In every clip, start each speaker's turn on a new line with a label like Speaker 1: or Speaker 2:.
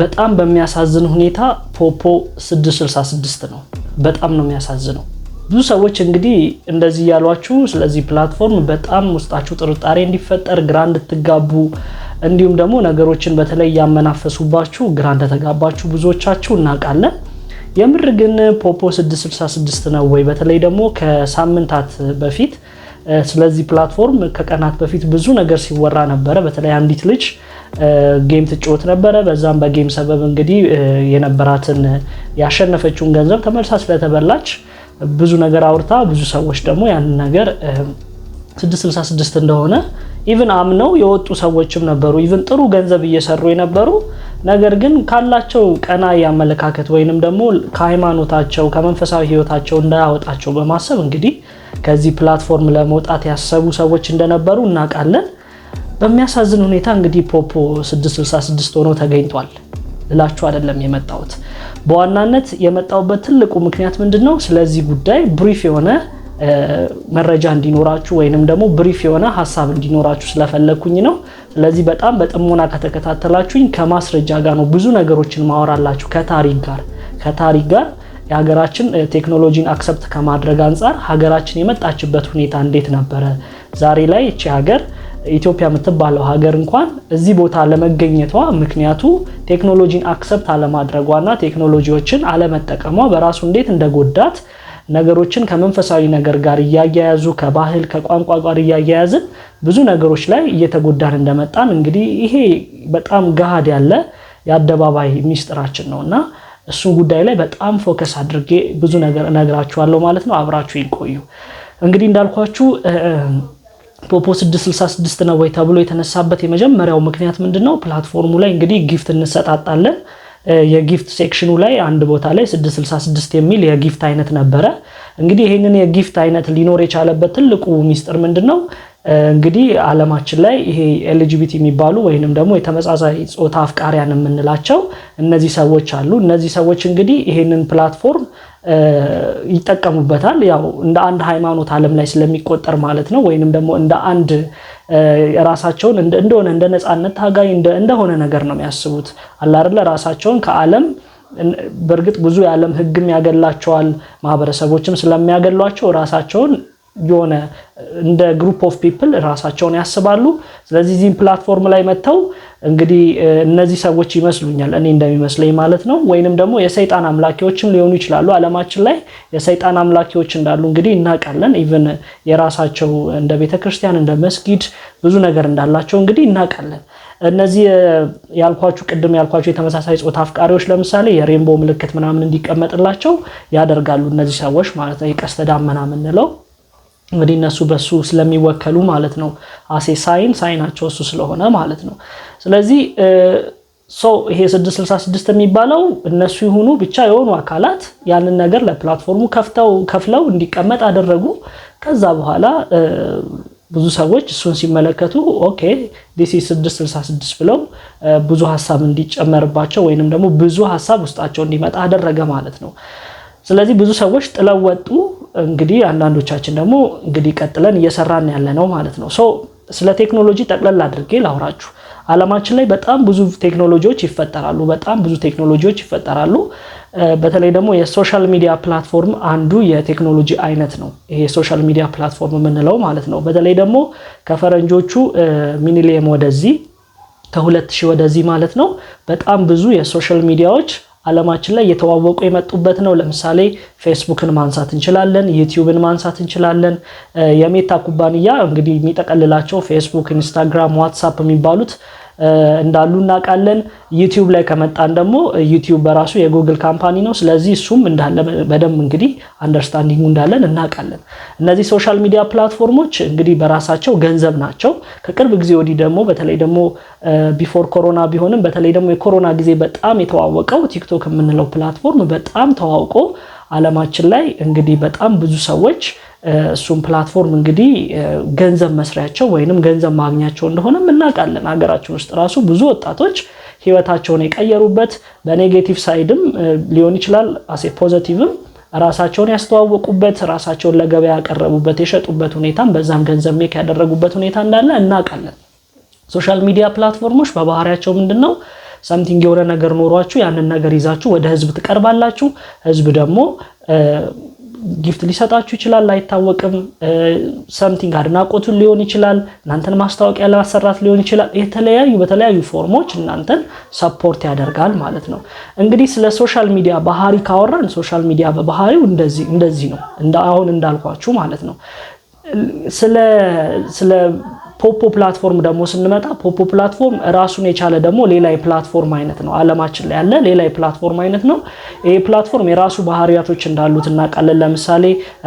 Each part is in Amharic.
Speaker 1: በጣም በሚያሳዝን ሁኔታ ፖፖ 666 ነው። በጣም ነው የሚያሳዝነው። ብዙ ሰዎች እንግዲህ እንደዚህ ያሏችሁ ስለዚህ ፕላትፎርም በጣም ውስጣችሁ ጥርጣሬ እንዲፈጠር ግራ እንድትጋቡ እንዲሁም ደግሞ ነገሮችን በተለይ እያመናፈሱባችሁ ግራ እንደተጋባችሁ ብዙዎቻችሁ እናውቃለን። የምር ግን ፖፖ 666 ነው ወይ? በተለይ ደግሞ ከሳምንታት በፊት ስለዚህ ፕላትፎርም ከቀናት በፊት ብዙ ነገር ሲወራ ነበረ። በተለይ አንዲት ልጅ ጌም ትጫወት ነበረ። በዛም በጌም ሰበብ እንግዲህ የነበራትን ያሸነፈችውን ገንዘብ ተመልሳ ስለተበላች ብዙ ነገር አውርታ ብዙ ሰዎች ደግሞ ያንን ነገር 666 እንደሆነ ኢቭን አምነው የወጡ ሰዎችም ነበሩ። ኢቭን ጥሩ ገንዘብ እየሰሩ የነበሩ ነገር ግን ካላቸው ቀና አመለካከት ወይንም ደግሞ ከሃይማኖታቸው ከመንፈሳዊ ሕይወታቸው እንዳያወጣቸው በማሰብ እንግዲህ ከዚህ ፕላትፎርም ለመውጣት ያሰቡ ሰዎች እንደነበሩ እናውቃለን። በሚያሳዝን ሁኔታ እንግዲህ ፖፖ 666 ሆኖ ተገኝቷል ልላችሁ አይደለም የመጣሁት። በዋናነት የመጣሁበት ትልቁ ምክንያት ምንድን ነው? ስለዚህ ጉዳይ ብሪፍ የሆነ መረጃ እንዲኖራችሁ ወይንም ደግሞ ብሪፍ የሆነ ሀሳብ እንዲኖራችሁ ስለፈለግኩኝ ነው። ስለዚህ በጣም በጥሞና ከተከታተላችሁኝ ከማስረጃ ጋር ነው ብዙ ነገሮችን ማወራላችሁ ከታሪክ ጋር ከታሪክ ጋር የሀገራችን ቴክኖሎጂን አክሰፕት ከማድረግ አንጻር ሀገራችን የመጣችበት ሁኔታ እንዴት ነበረ፣ ዛሬ ላይ እቺ ሀገር ኢትዮጵያ የምትባለው ሀገር እንኳን እዚህ ቦታ ለመገኘቷ ምክንያቱ ቴክኖሎጂን አክሰፕት አለማድረጓና ቴክኖሎጂዎችን አለመጠቀሟ በራሱ እንዴት እንደጎዳት ነገሮችን ከመንፈሳዊ ነገር ጋር እያያያዙ ከባህል ከቋንቋ ጋር እያያያዝን ብዙ ነገሮች ላይ እየተጎዳን እንደመጣን እንግዲህ ይሄ በጣም ገሃድ ያለ የአደባባይ ሚስጥራችን ነው እና እሱን ጉዳይ ላይ በጣም ፎከስ አድርጌ ብዙ ነገር እነግራችኋለሁ ማለት ነው። አብራችሁ ይቆዩ። እንግዲህ እንዳልኳችሁ ፖፖ 666 ነው ወይ ተብሎ የተነሳበት የመጀመሪያው ምክንያት ምንድን ነው? ፕላትፎርሙ ላይ እንግዲህ ጊፍት እንሰጣጣለን። የጊፍት ሴክሽኑ ላይ አንድ ቦታ ላይ 666 የሚል የጊፍት አይነት ነበረ። እንግዲህ ይህንን የጊፍት አይነት ሊኖር የቻለበት ትልቁ ሚስጥር ምንድን ነው? እንግዲህ አለማችን ላይ ይሄ ኤልጂቢቲ የሚባሉ ወይንም ደግሞ የተመሳሳይ ጾታ አፍቃሪያን የምንላቸው እነዚህ ሰዎች አሉ። እነዚህ ሰዎች እንግዲህ ይሄንን ፕላትፎርም ይጠቀሙበታል። ያው እንደ አንድ ሃይማኖት ዓለም ላይ ስለሚቆጠር ማለት ነው። ወይንም ደግሞ እንደ አንድ ራሳቸውን እንደሆነ እንደ ነፃነት ታጋይ እንደሆነ ነገር ነው የሚያስቡት አላርለ ራሳቸውን ከዓለም በእርግጥ ብዙ የዓለም ሕግም ያገላቸዋል፣ ማህበረሰቦችም ስለሚያገሏቸው ራሳቸውን የሆነ እንደ ግሩፕ ኦፍ ፒፕል ራሳቸውን ያስባሉ። ስለዚህ እዚህም ፕላትፎርም ላይ መጥተው እንግዲህ እነዚህ ሰዎች ይመስሉኛል፣ እኔ እንደሚመስለኝ ማለት ነው። ወይንም ደግሞ የሰይጣን አምላኪዎችም ሊሆኑ ይችላሉ። አለማችን ላይ የሰይጣን አምላኪዎች እንዳሉ እንግዲህ እናውቃለን። ኢቨን የራሳቸው እንደ ቤተ ክርስቲያን እንደ መስጊድ ብዙ ነገር እንዳላቸው እንግዲህ እናውቃለን። እነዚህ ያልኳችሁ ቅድም ያልኳችሁ የተመሳሳይ ጾታ አፍቃሪዎች ለምሳሌ የሬንቦ ምልክት ምናምን እንዲቀመጥላቸው ያደርጋሉ። እነዚህ ሰዎች ማለት ነው የቀስተ ዳመና የምንለው እንግዲህ እነሱ በሱ ስለሚወከሉ ማለት ነው። አሴ ሳይን ሳይናቸው እሱ ስለሆነ ማለት ነው። ስለዚህ ሰው ይሄ 666 የሚባለው እነሱ ይሁኑ ብቻ የሆኑ አካላት ያንን ነገር ለፕላትፎርሙ ከፍተው ከፍለው እንዲቀመጥ አደረጉ። ከዛ በኋላ ብዙ ሰዎች እሱን ሲመለከቱ ኦኬ ዲሲ 666 ብለው ብዙ ሀሳብ እንዲጨመርባቸው ወይንም ደግሞ ብዙ ሀሳብ ውስጣቸው እንዲመጣ አደረገ ማለት ነው። ስለዚህ ብዙ ሰዎች ጥለው ወጡ። እንግዲህ አንዳንዶቻችን ደግሞ እንግዲህ ቀጥለን እየሰራን ያለ ነው ማለት ነው። ስለ ቴክኖሎጂ ጠቅለል አድርጌ ላውራችሁ። አለማችን ላይ በጣም ብዙ ቴክኖሎጂዎች ይፈጠራሉ። በጣም ብዙ ቴክኖሎጂዎች ይፈጠራሉ። በተለይ ደግሞ የሶሻል ሚዲያ ፕላትፎርም አንዱ የቴክኖሎጂ አይነት ነው። ይሄ የሶሻል ሚዲያ ፕላትፎርም የምንለው ማለት ነው። በተለይ ደግሞ ከፈረንጆቹ ሚኒሊየም ወደዚህ ከሁለት ሺህ ወደዚህ ማለት ነው በጣም ብዙ የሶሻል ሚዲያዎች አለማችን ላይ እየተዋወቁ የመጡበት ነው። ለምሳሌ ፌስቡክን ማንሳት እንችላለን፣ ዩቲዩብን ማንሳት እንችላለን። የሜታ ኩባንያ እንግዲህ የሚጠቀልላቸው ፌስቡክ፣ ኢንስታግራም፣ ዋትሳፕ የሚባሉት እንዳሉ እናውቃለን። ዩቲዩብ ላይ ከመጣን ደግሞ ዩቲዩብ በራሱ የጉግል ካምፓኒ ነው። ስለዚህ እሱም እንዳለ በደንብ እንግዲህ አንደርስታንዲንጉ እንዳለን እናውቃለን። እነዚህ ሶሻል ሚዲያ ፕላትፎርሞች እንግዲህ በራሳቸው ገንዘብ ናቸው። ከቅርብ ጊዜ ወዲህ ደግሞ በተለይ ደግሞ ቢፎር ኮሮና ቢሆንም በተለይ ደግሞ የኮሮና ጊዜ በጣም የተዋወቀው ቲክቶክ የምንለው ፕላትፎርም በጣም ተዋውቆ አለማችን ላይ እንግዲህ በጣም ብዙ ሰዎች እሱም ፕላትፎርም እንግዲህ ገንዘብ መስሪያቸው ወይንም ገንዘብ ማግኛቸው እንደሆነም እናውቃለን። ሀገራችን ውስጥ ራሱ ብዙ ወጣቶች ህይወታቸውን የቀየሩበት በኔጌቲቭ ሳይድም ሊሆን ይችላል አሴ ፖዘቲቭም ራሳቸውን ያስተዋወቁበት ራሳቸውን ለገበያ ያቀረቡበት የሸጡበት ሁኔታም በዛም ገንዘብ ሜክ ያደረጉበት ሁኔታ እንዳለ እናውቃለን። ሶሻል ሚዲያ ፕላትፎርሞች በባህሪያቸው ምንድን ነው? ሰምቲንግ የሆነ ነገር ኖሯችሁ ያንን ነገር ይዛችሁ ወደ ህዝብ ትቀርባላችሁ። ህዝብ ደግሞ ጊፍት ሊሰጣችሁ ይችላል፣ አይታወቅም። ሰምቲንግ አድናቆቱን ሊሆን ይችላል፣ እናንተን ማስታወቂያ ለማሰራት ሊሆን ይችላል። የተለያዩ በተለያዩ ፎርሞች እናንተን ሰፖርት ያደርጋል ማለት ነው። እንግዲህ ስለ ሶሻል ሚዲያ ባህሪ ካወራን ሶሻል ሚዲያ በባህሪው እንደዚህ እንደዚህ ነው፣ አሁን እንዳልኳችሁ ማለት ነው ስለ ፖፖ ፕላትፎርም ደግሞ ስንመጣ ፖፖ ፕላትፎርም ራሱን የቻለ ደግሞ ሌላ የፕላትፎርም አይነት ነው። አለማችን ላይ ያለ ሌላ የፕላትፎርም አይነት ነው። ይህ ፕላትፎርም የራሱ ባህሪያቶች እንዳሉት እናውቃለን። ለምሳሌ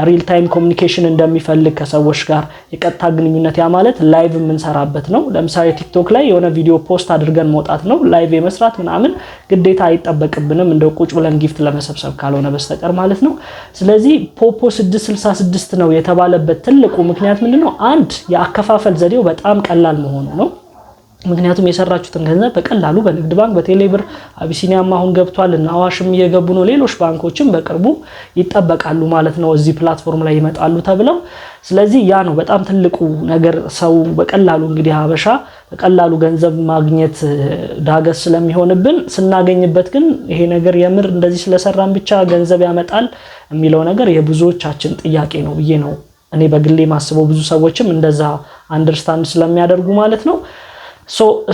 Speaker 1: ሪል ታይም ኮሚኒኬሽን እንደሚፈልግ ከሰዎች ጋር የቀጥታ ግንኙነት፣ ያ ማለት ላይቭ የምንሰራበት ነው። ለምሳሌ ቲክቶክ ላይ የሆነ ቪዲዮ ፖስት አድርገን መውጣት ነው። ላይቭ የመስራት ምናምን ግዴታ አይጠበቅብንም፣ እንደ ቁጭ ብለን ጊፍት ለመሰብሰብ ካልሆነ በስተቀር ማለት ነው። ስለዚህ ፖፖ 666 ነው የተባለበት ትልቁ ምክንያት ምንድነው? አንድ የአከፋፈል ዘዴ ዘዴው በጣም ቀላል መሆኑ ነው። ምክንያቱም የሰራችሁትን ገንዘብ በቀላሉ በንግድ ባንክ፣ በቴሌብር፣ አቢሲኒያም አሁን ገብቷል እና አዋሽም እየገቡ ነው። ሌሎች ባንኮችም በቅርቡ ይጠበቃሉ ማለት ነው፣ እዚህ ፕላትፎርም ላይ ይመጣሉ ተብለው። ስለዚህ ያ ነው በጣም ትልቁ ነገር። ሰው በቀላሉ እንግዲህ ሀበሻ በቀላሉ ገንዘብ ማግኘት ዳገስ ስለሚሆንብን ስናገኝበት ግን ይሄ ነገር የምር እንደዚህ ስለሰራን ብቻ ገንዘብ ያመጣል የሚለው ነገር የብዙዎቻችን ጥያቄ ነው ብዬ ነው እኔ በግሌ ማስበው ብዙ ሰዎችም እንደዛ አንደርስታንድ ስለሚያደርጉ ማለት ነው።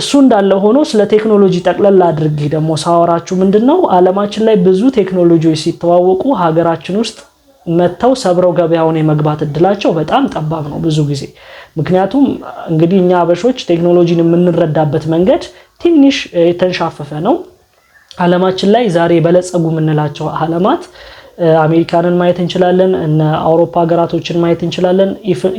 Speaker 1: እሱ እንዳለ ሆኖ ስለ ቴክኖሎጂ ጠቅለል አድርጌ ደግሞ ሳወራችሁ ምንድን ነው አለማችን ላይ ብዙ ቴክኖሎጂዎች ሲተዋወቁ ሀገራችን ውስጥ መጥተው ሰብረው ገበያውን የመግባት እድላቸው በጣም ጠባብ ነው ብዙ ጊዜ። ምክንያቱም እንግዲህ እኛ አበሾች ቴክኖሎጂን የምንረዳበት መንገድ ትንሽ የተንሻፈፈ ነው። አለማችን ላይ ዛሬ የበለጸጉ የምንላቸው አለማት። አሜሪካንን ማየት እንችላለን። እነ አውሮፓ ሀገራቶችን ማየት እንችላለን።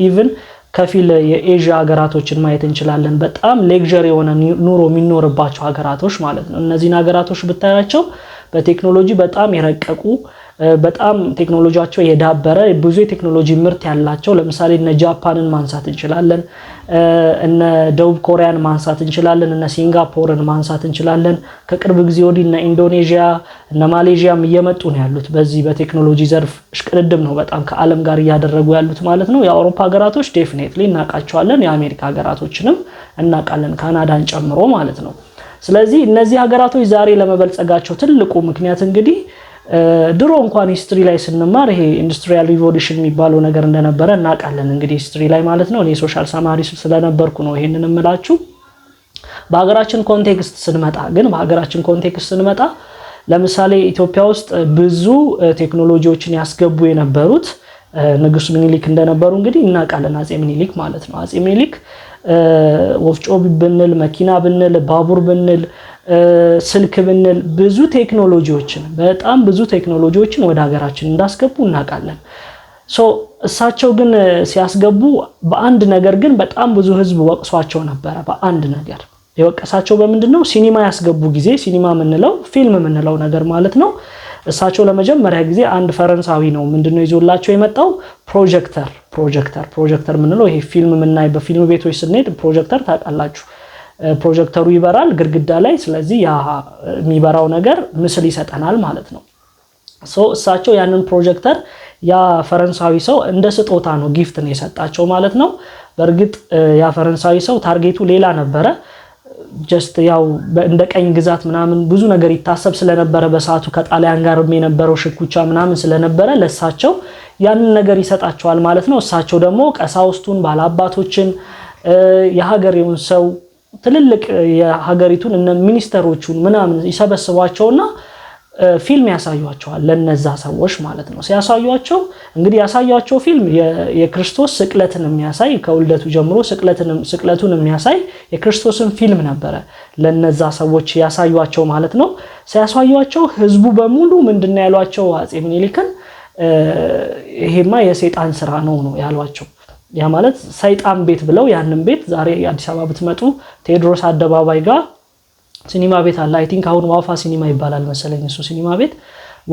Speaker 1: ኢቭን ከፊል የኤዥያ ሀገራቶችን ማየት እንችላለን። በጣም ሌክዠር የሆነ ኑሮ የሚኖርባቸው ሀገራቶች ማለት ነው። እነዚህን ሀገራቶች ብታያቸው በቴክኖሎጂ በጣም የረቀቁ በጣም ቴክኖሎጂቸው የዳበረ ብዙ የቴክኖሎጂ ምርት ያላቸው ለምሳሌ እነ ጃፓንን ማንሳት እንችላለን፣ እነ ደቡብ ኮሪያን ማንሳት እንችላለን፣ እነ ሲንጋፖርን ማንሳት እንችላለን። ከቅርብ ጊዜ ወዲህ እነ ኢንዶኔዥያ እነ ማሌዥያም እየመጡ ነው ያሉት። በዚህ በቴክኖሎጂ ዘርፍ እሽቅድድም ነው በጣም ከዓለም ጋር እያደረጉ ያሉት ማለት ነው። የአውሮፓ ሀገራቶች ዴፊኔትሊ እናውቃቸዋለን፣ የአሜሪካ ሀገራቶችንም እናውቃለን፣ ካናዳን ጨምሮ ማለት ነው። ስለዚህ እነዚህ ሀገራቶች ዛሬ ለመበልጸጋቸው ትልቁ ምክንያት እንግዲህ ድሮ እንኳን ሂስትሪ ላይ ስንማር ይሄ ኢንዱስትሪያል ሪቮሉሽን የሚባለው ነገር እንደነበረ እናውቃለን። እንግዲህ ሂስትሪ ላይ ማለት ነው። እኔ ሶሻል ሰማሪ ስለነበርኩ ነው ይሄንን እምላችሁ። በሀገራችን ኮንቴክስት ስንመጣ ግን በሀገራችን ኮንቴክስት ስንመጣ ለምሳሌ ኢትዮጵያ ውስጥ ብዙ ቴክኖሎጂዎችን ያስገቡ የነበሩት ንጉስ ምኒልክ እንደነበሩ እንግዲህ እናውቃለን። አጼ ምኒልክ ማለት ነው። አጼ ምኒልክ ወፍጮ ብንል፣ መኪና ብንል፣ ባቡር ብንል፣ ስልክ ብንል ብዙ ቴክኖሎጂዎችን በጣም ብዙ ቴክኖሎጂዎችን ወደ ሀገራችን እንዳስገቡ እናውቃለን። እሳቸው ግን ሲያስገቡ በአንድ ነገር ግን በጣም ብዙ ህዝብ ወቅሷቸው ነበረ። በአንድ ነገር የወቀሳቸው በምንድን ነው? ሲኒማ ያስገቡ ጊዜ ሲኒማ የምንለው ፊልም የምንለው ነገር ማለት ነው እሳቸው ለመጀመሪያ ጊዜ አንድ ፈረንሳዊ ነው ምንድነው ይዞላቸው የመጣው ፕሮጀክተር ፕሮጀክተር ፕሮጀክተር ምንለው ይሄ ፊልም ምናይ በፊልም ቤቶች ስንሄድ ፕሮጀክተር ታውቃላችሁ ፕሮጀክተሩ ይበራል ግድግዳ ላይ ስለዚህ ያ የሚበራው ነገር ምስል ይሰጠናል ማለት ነው እሳቸው ያንን ፕሮጀክተር ያ ፈረንሳዊ ሰው እንደ ስጦታ ነው ጊፍት ነው የሰጣቸው ማለት ነው በእርግጥ ያ ፈረንሳዊ ሰው ታርጌቱ ሌላ ነበረ ጀስት ያው እንደ ቀኝ ግዛት ምናምን ብዙ ነገር ይታሰብ ስለነበረ በሰዓቱ ከጣሊያን ጋር የነበረው ሽኩቻ ምናምን ስለነበረ ለእሳቸው ያንን ነገር ይሰጣቸዋል ማለት ነው። እሳቸው ደግሞ ቀሳውስቱን፣ ባለአባቶችን፣ የሀገሬውን ሰው ትልልቅ የሀገሪቱን ሚኒስተሮቹን ምናምን ይሰበስቧቸውና ፊልም ያሳዩቸዋል ለነዛ ሰዎች ማለት ነው። ሲያሳዩቸው እንግዲህ ያሳዩቸው ፊልም የክርስቶስ ስቅለትን የሚያሳይ ከውልደቱ ጀምሮ ስቅለቱን የሚያሳይ የክርስቶስን ፊልም ነበረ ለነዛ ሰዎች ያሳዩቸው ማለት ነው። ሲያሳዩቸው ህዝቡ በሙሉ ምንድን ያሏቸው አጼ ምኒልክን ይሄማ የሰይጣን ስራ ነው ነው ያሏቸው። ያ ማለት ሰይጣን ቤት ብለው ያንን ቤት ዛሬ አዲስ አበባ ብትመጡ ቴዎድሮስ አደባባይ ጋር ሲኒማ ቤት አለ። አይ ቲንክ አሁን ዋፋ ሲኒማ ይባላል መሰለኝ እሱ ሲኒማ ቤት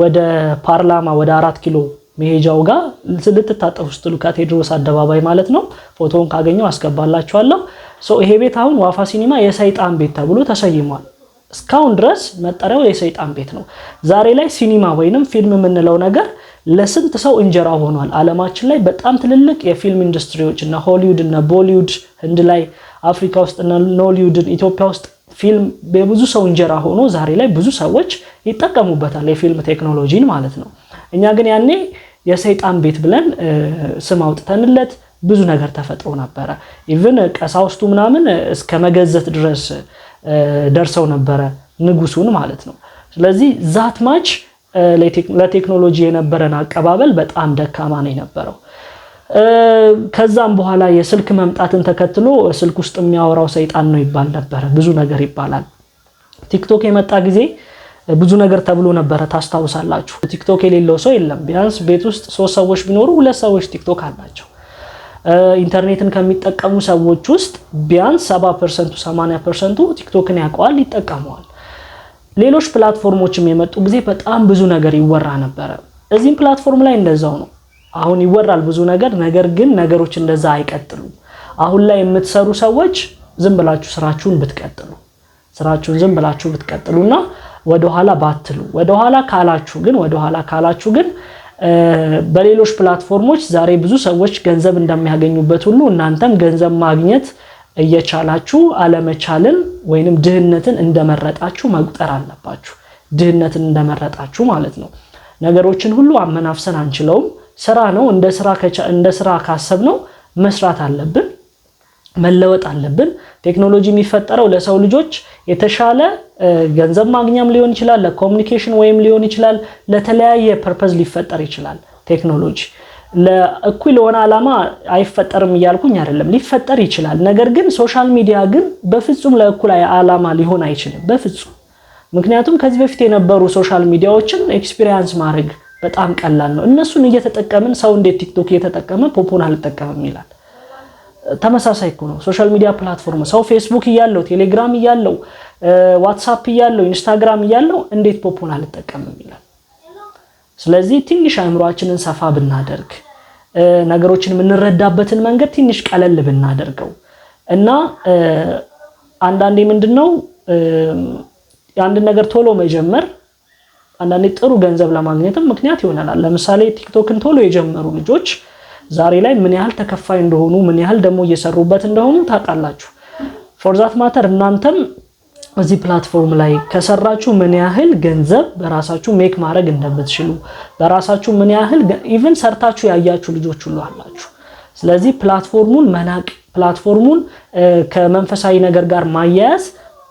Speaker 1: ወደ ፓርላማ ወደ አራት ኪሎ መሄጃው ጋር ልትታጠፉ ስትሉ ከቴዎድሮስ አደባባይ ማለት ነው። ፎቶውን ካገኘው አስገባላችኋለሁ። ይሄ ቤት አሁን ዋፋ ሲኒማ የሰይጣን ቤት ተብሎ ተሰይሟል። እስካሁን ድረስ መጠሪያው የሰይጣን ቤት ነው። ዛሬ ላይ ሲኒማ ወይንም ፊልም የምንለው ነገር ለስንት ሰው እንጀራ ሆኗል። ዓለማችን ላይ በጣም ትልልቅ የፊልም ኢንዱስትሪዎች እነ ሆሊውድ እነ ቦሊውድ ህንድ ላይ፣ አፍሪካ ውስጥ እነ ኖሊውድን፣ ኢትዮጵያ ውስጥ ፊልም የብዙ ሰው እንጀራ ሆኖ ዛሬ ላይ ብዙ ሰዎች ይጠቀሙበታል የፊልም ቴክኖሎጂን ማለት ነው። እኛ ግን ያኔ የሰይጣን ቤት ብለን ስም አውጥተንለት ብዙ ነገር ተፈጥሮ ነበረ። ኢቭን ቀሳውስቱ ምናምን እስከ መገዘት ድረስ ደርሰው ነበረ ንጉሱን ማለት ነው። ስለዚህ ዛት ማች ለቴክኖሎጂ የነበረን አቀባበል በጣም ደካማ ነው የነበረው። ከዛም በኋላ የስልክ መምጣትን ተከትሎ ስልክ ውስጥ የሚያወራው ሰይጣን ነው ይባል ነበረ። ብዙ ነገር ይባላል። ቲክቶክ የመጣ ጊዜ ብዙ ነገር ተብሎ ነበረ። ታስታውሳላችሁ። ቲክቶክ የሌለው ሰው የለም። ቢያንስ ቤት ውስጥ ሶስት ሰዎች ቢኖሩ ሁለት ሰዎች ቲክቶክ አላቸው። ኢንተርኔትን ከሚጠቀሙ ሰዎች ውስጥ ቢያንስ 70 ፐርሰንቱ 80 ፐርሰንቱ ቲክቶክን ያውቀዋል፣ ይጠቀመዋል። ሌሎች ፕላትፎርሞችም የመጡ ጊዜ በጣም ብዙ ነገር ይወራ ነበረ። እዚህም ፕላትፎርም ላይ እንደዛው ነው። አሁን ይወራል ብዙ ነገር፣ ነገር ግን ነገሮች እንደዛ አይቀጥሉም። አሁን ላይ የምትሰሩ ሰዎች ዝም ብላችሁ ስራችሁን ብትቀጥሉ ስራችሁን ዝም ብላችሁ ብትቀጥሉና ወደኋላ ባትሉ ወደኋላ ካላችሁ ግን ወደኋላ ካላችሁ ግን በሌሎች ፕላትፎርሞች ዛሬ ብዙ ሰዎች ገንዘብ እንደሚያገኙበት ሁሉ እናንተም ገንዘብ ማግኘት እየቻላችሁ አለመቻልን ወይንም ድህነትን እንደመረጣችሁ መቁጠር አለባችሁ። ድህነትን እንደመረጣችሁ ማለት ነው። ነገሮችን ሁሉ አመናፍሰን አንችለውም። ስራ ነው። እንደ ስራ እንደ ስራ ነው መስራት አለብን፣ መለወጥ አለብን። ቴክኖሎጂ የሚፈጠረው ለሰው ልጆች የተሻለ ገንዘብ ማግኛም ሊሆን ይችላል፣ ለኮሚኒኬሽን ወይም ሊሆን ይችላል፣ ለተለያየ ፐርፐዝ ሊፈጠር ይችላል። ቴክኖሎጂ ለእኩል ለሆነ ዓላማ አይፈጠርም እያልኩኝ አይደለም፣ ሊፈጠር ይችላል። ነገር ግን ሶሻል ሚዲያ ግን በፍጹም ለእኩል ዓላማ ሊሆን አይችልም፣ በፍጹም ምክንያቱም ከዚህ በፊት የነበሩ ሶሻል ሚዲያዎችን ኤክስፒሪየንስ ማድረግ በጣም ቀላል ነው። እነሱን እየተጠቀምን ሰው እንዴት ቲክቶክ እየተጠቀመ ፖፖን አልጠቀምም ይላል። ተመሳሳይ እኮ ነው ሶሻል ሚዲያ ፕላትፎርም። ሰው ፌስቡክ እያለው፣ ቴሌግራም እያለው፣ ዋትሳፕ እያለው፣ ኢንስታግራም እያለው እንዴት ፖፖን አልጠቀምም ይላል። ስለዚህ ትንሽ አእምሯችንን ሰፋ ብናደርግ ነገሮችን የምንረዳበትን መንገድ ትንሽ ቀለል ብናደርገው እና አንዳንዴ ምንድን ነው አንድን ነገር ቶሎ መጀመር አንዳንዴ ጥሩ ገንዘብ ለማግኘትም ምክንያት ይሆነናል። ለምሳሌ ቲክቶክን ቶሎ የጀመሩ ልጆች ዛሬ ላይ ምን ያህል ተከፋይ እንደሆኑ ምን ያህል ደግሞ እየሰሩበት እንደሆኑ ታውቃላችሁ። ፎርዛት ማተር እናንተም እዚህ ፕላትፎርም ላይ ከሰራችሁ ምን ያህል ገንዘብ በራሳችሁ ሜክ ማድረግ እንደምትችሉ በራሳችሁ ምን ያህል ኢቨን ሰርታችሁ ያያችሁ ልጆች ሁሉ አላችሁ። ስለዚህ ፕላትፎርሙን መናቅ ፕላትፎርሙን ከመንፈሳዊ ነገር ጋር ማያያዝ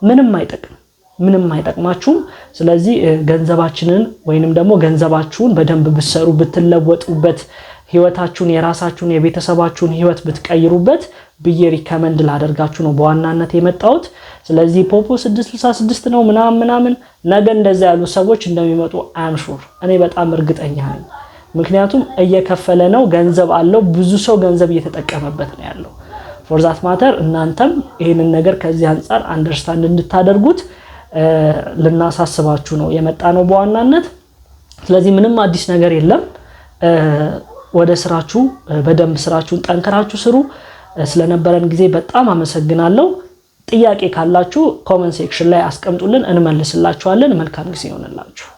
Speaker 1: ምንም አይጠቅም። ምንም አይጠቅማችሁም። ስለዚህ ገንዘባችንን ወይንም ደግሞ ገንዘባችሁን በደንብ ብትሰሩ ብትለወጡበት ህይወታችሁን የራሳችሁን የቤተሰባችሁን ህይወት ብትቀይሩበት ብዬ ሪከመንድ ላደርጋችሁ ነው በዋናነት የመጣሁት። ስለዚህ ፖፖ 666 ነው ምናምን ምናምን ነገ እንደዚ ያሉ ሰዎች እንደሚመጡ አምሹር እኔ በጣም እርግጠኛ ነኝ። ምክንያቱም እየከፈለ ነው፣ ገንዘብ አለው፣ ብዙ ሰው ገንዘብ እየተጠቀመበት ነው ያለው። ፎርዛት ማተር እናንተም ይህንን ነገር ከዚህ አንጻር አንደርስታንድ እንድታደርጉት ልናሳስባችሁ ነው የመጣ ነው በዋናነት። ስለዚህ ምንም አዲስ ነገር የለም። ወደ ስራችሁ በደንብ ስራችሁን ጠንክራችሁ ስሩ። ስለነበረን ጊዜ በጣም አመሰግናለሁ። ጥያቄ ካላችሁ ኮመንት ሴክሽን ላይ አስቀምጡልን፣ እንመልስላችኋለን። መልካም ጊዜ ይሆንላችሁ።